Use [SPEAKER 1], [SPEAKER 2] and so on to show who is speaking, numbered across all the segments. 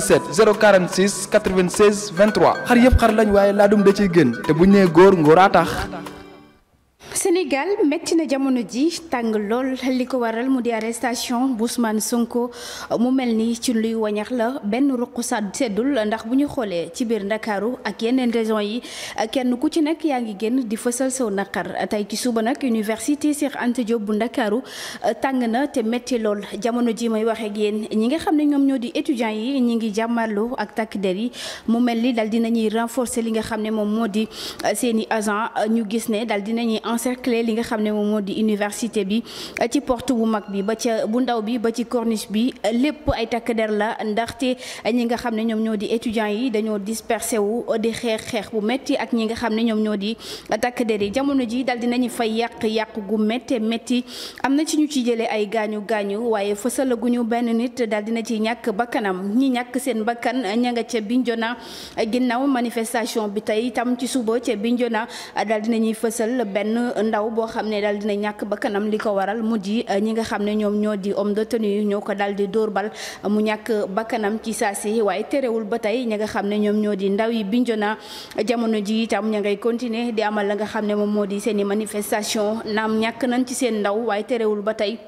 [SPEAKER 1] 77 046 96 23 xar yëpp xar lañ waaye laa dum da ciy gën te bu ñu nee góor ngóoraa tax
[SPEAKER 2] Sénégal métti na jamono ji tàng lool li ko waral mu di arrestation bu Ousmane Sonko mu mel ni ci luy wañax la benn ruq sa seddul ndax bu ñu xoolee ci biir ndakaaru ak yeneen raison yi kenn ku ci nekk yaa ngi génn di fësal saw naqar tey ki suba nag université Cheikh Anta bu ndakaaru eh, tàng na te métti lool jamono ji may wax ak ñi nga xam ne ñoom ñoo di étudiants yi ñi ngi jàmmarloo ak takk der yi mu mel ni dal dinañuy renforcer li nga xam ne moom moo di eh, seen i agent ñu gis encercler li nga xam ne moom moo di université bi euh, ci porte bu mag bi ba ca bu ndaw bi ba ci corniche bi euh, lépp ay takk der la ndax te euh, ñi nga xam ne ñoom ñoo di étudiants yi dañoo dispersé wu di xeex xeex bu metti ak ñi nga xam ne ñoom ñoo di takk der yi jamono ji dal dinañu fay yàq yàq gu métti métti am na ci ñu ci jëlee ay gaañu gaañu waaye fësalaguñu benn nit dal na ci ñàkk bakkanam ñi ñàkk seen bakkan ña nga ca Bignona ginnaaw manifestation bi tey tam ci ndaw boo xam ne daal dina ñàkk ba kanam li ko waral mujj eh, ñi nga xam ne ñoom ñoo di om de tenue ñoo ko daal di dóor bal eh, mu ñàkk ba ci saa si waaye terewul ba tey ñi nga xam ne ñoom ñoo di ndaw yi Bignona eh, jamono ji itam ña ngay continuer di amal la nga xam ne moom moo di seen i manifestation naam ñàkk nañ ci seen ndaw waaye terewul ba tey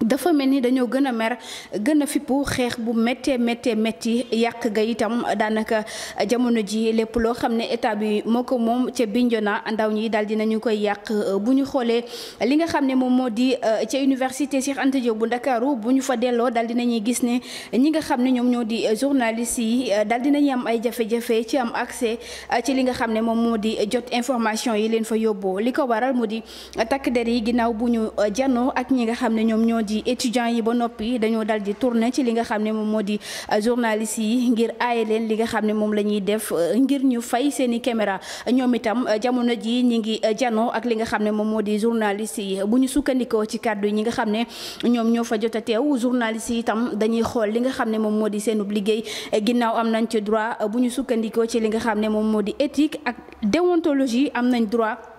[SPEAKER 2] dafa mel ni dañoo gën a mer gën a fippu xeex bu mettee méttee métti yàq ga itam daanaka jamono ji lépp loo xam ne état bi moo ko moom ca Bignona ndaw ñi daal dinañu koy yàq bu ñu xoolee li nga xam ne moom moo di euh, ca université Cheikh Anta bu Ndakaaru bu ñu fa delloo daal dinañuy gis ne ñi nga xam ne ñoom ñoo di euh, journalistes yi euh, daal dinañuy am ay jafe ci am accès ci li nga xam ne moom moo di jot information yi leen fa yóbboo li ko waral mu di takk der yi ginnaaw bu ñu janoo ak ñi nga xam ne ñoom ñoo di étudiants yi ba noppi dañoo dal di tourner ci li nga xam ne moom moo di euh, journalistes yi ngir aaye leen li nga xam ne moom la ñuy def euh, ngir ñu fay seen i caméra ñoom itam euh, jamono ji ñu ngi janoo ak li nga xam ne moom moo di journalistes yi bu ñu sukkandikoo ci kàddu ñi nga xam ne ñoom ñoo fa jot a teew journalistes itam dañuy xool li nga xam ne moom moo di seenub liggéey ginnaaw am nañ ci droit bu ñu sukkandikoo ci li nga xam ne moom moo di éthique ak déontologie am nañ droit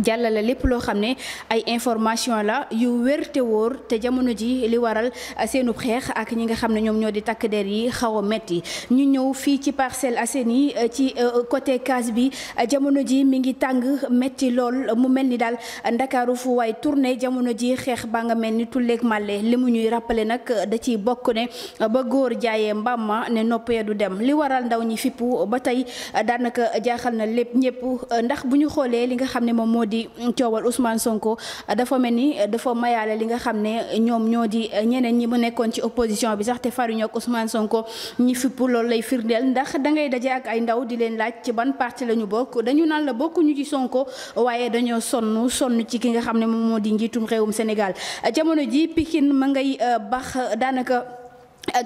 [SPEAKER 2] jàllale lépp loo xam ne ay information la yu wér te wóor te jamono ji li waral seenub xeex ak ñi nga xam ne ñoom ñoo di takk der yi xaw a metti ñu ñëw fii ci parcelle Parcelles yi euh, ci euh, côté kaas bi euh, jamono ji mi ngi tàng metti lool mu mel ni daal ndakaaru fu waay tournée jamono ji xeex baa nga mel ni tulleeg màlle li mu ñuy rappelé nag da ciy bokk ne ba góor jaayee mbamma ne noppee du dem li waral ndaw ñi fippu ba tey daanaka jaaxal na lépp ñëpp ndax moo di coowal Ousmane Sonko dafa mel ni dafa mayaale li nga xam ne ñoom ñoo di ñeneen ñi mu nekkoon ci opposition bi sax te faruñoo ak Ousmane Sonko ñi fipp loolu lay firndeel ndax dangay daje ak ay ndaw di leen laaj ci ban parti la ñu bokk dañu naan la bokkuñu ci Sonko waaye dañoo sonn sonn ci ki nga xam ne moom moo di njiitum réewum Sénégal jamono ji Pikine ma ngay euh, bax daanaka.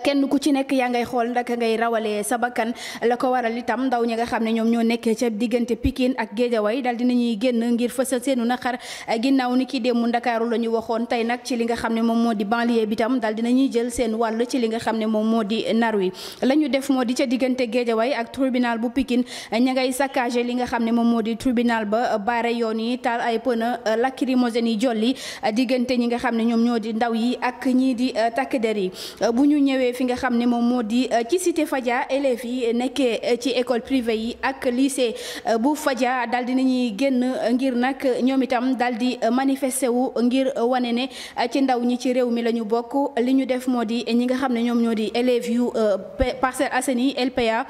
[SPEAKER 2] kenn ku ci nekk yaa ngay xool naka ngay rawalee sa bakkan la ko waral itam ndaw ñi nga xam ne ñoom ñoo nekk ca diggante Pikine ak Géejawaay daal dinañuy génn ngir fësal seenu naqar ginnaaw ni ki démb Ndakaaru la ñu waxoon tey nag ci li nga xam ne moom moo di banlieue bi tam daal dinañuy jël seen wàll ci li nga xam ne moom moo di nar wi la ñu def moo di ca diggante Géejawaay ak tribunal bu Pikine ña ngay saccagé li nga xam ne moom moo di tribunal ba baare yoon yi taal ay pneu lacrymogène yi jolli diggante ñi nga xam ne ñoom ñoo di ndaw yi ak ñii di takk der yi ñëwee fi nga xam ne moom moo di euh, ci cité Fadia élèves yi nekkee euh, ci école privée yi ak lycée euh, bu Fadia daal di nañuy génn ngir nag ñoom itam daal di manifester wu ngir wane ne ci ndaw ñi ci réew mi la ñu bokk li ñu def moo di ñi nga xam ne ñoom ñoo di élèves yu Parcelles Assainies LPA.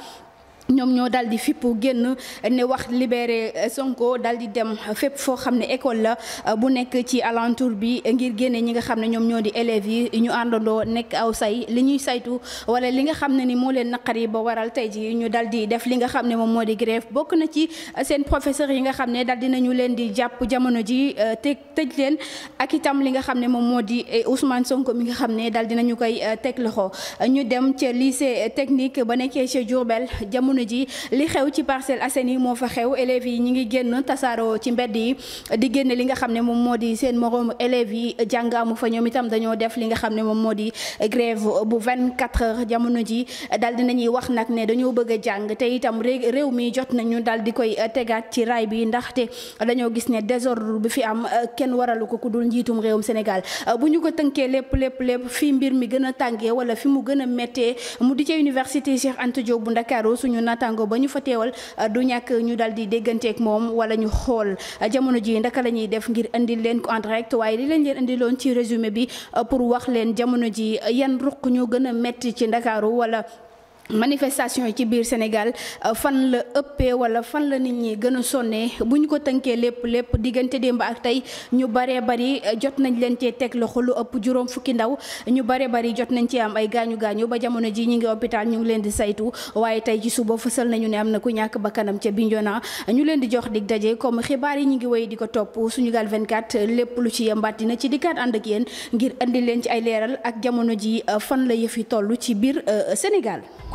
[SPEAKER 2] ñoom ñoo daal di fipp génn ne wax libéré Sonko daal di dem fépp foo xam ne école la euh, bu nekk ci alentour bi ngir génne ñi nga xam ne ñoom ñoo di élèves yi ñu àndandoo nekk aw say li ñuy saytu wala li nga xam ne ni moo leen naqari ba waral tey ji ñu daal di def li nga xam ne moom moo di grève bokk na ci euh, seen professeur yi nga xam ne daal dinañu leen di jàpp jamono ji euh, teg tëj leen ak itam li nga xam ne moom moo di Ousmane Sonko mi nga xam ne daal nañu koy teg ñu dem ca technique ba nekkee ca jamono ji li xew ci Parcelles Assainies moo fa di génn li nga xam ne moom moo di seen moroom élèves yi jàng amu fa ñoom itam dañoo def li nga xam ne moom moo di grève bu 24 heures jamono ji dal dinañuy wax nag ne dañoo bëgg a jàng te itam réew mi jot nañu daal di koy tegaat ci raay bi te dañoo gis ne désordre bi fi am kenn waralu ko ku dul njiitum réewum Sénégal bu ñu ko tënkee lépp lépp lépp mbir mi gën a tàngee wala fi mu gën a mu di ca université Cheikh Anta Diop bu Ndakaaru suñu natango ba ñu fa teewal euh, du ñàkk ñu dal di dégganteek moom wala ñu xool euh, jamono ji ndaka lañuy def ngir indi leen ko en waaye li leen leen indiloon ci résumé bi euh, pour wax leen jamono ji yan ruq ñoo gën a metti ci Ndakaaru walla manifestation yi ci biir Sénégal euh, fan la ëppee wala fan la nit ñi gën a sonnee bu ñu ko tënkee lépp lépp diggante démb ak tey ñu baree bari euh, jot nañ leen cee teg loxo lu ëpp juróom fukki ndaw ñu baree bari jot nañ cee am ay gaañu gaañu ba jamono ji ñu ngi hôpital ñu ngi leen di saytu waaye tey ci suba fësal nañu ne am na ku ñàkk ba kanam ca Bignona ñu leen di jox di daje comme xibaar yi ñu ngi wéy di ko topp Sunugal 24 lépp lu ci yembaat dina ci dikkaat ànd ak yéen ngir andi leen ci ay leeral ak jamono ji euh, fan la yëf yi ci biir Sénégal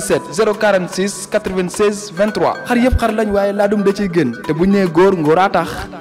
[SPEAKER 1] 77 046 96 23 xar yëpp xar lañ waaye laadum da ciy gën te bu nee góor ngóoraa tax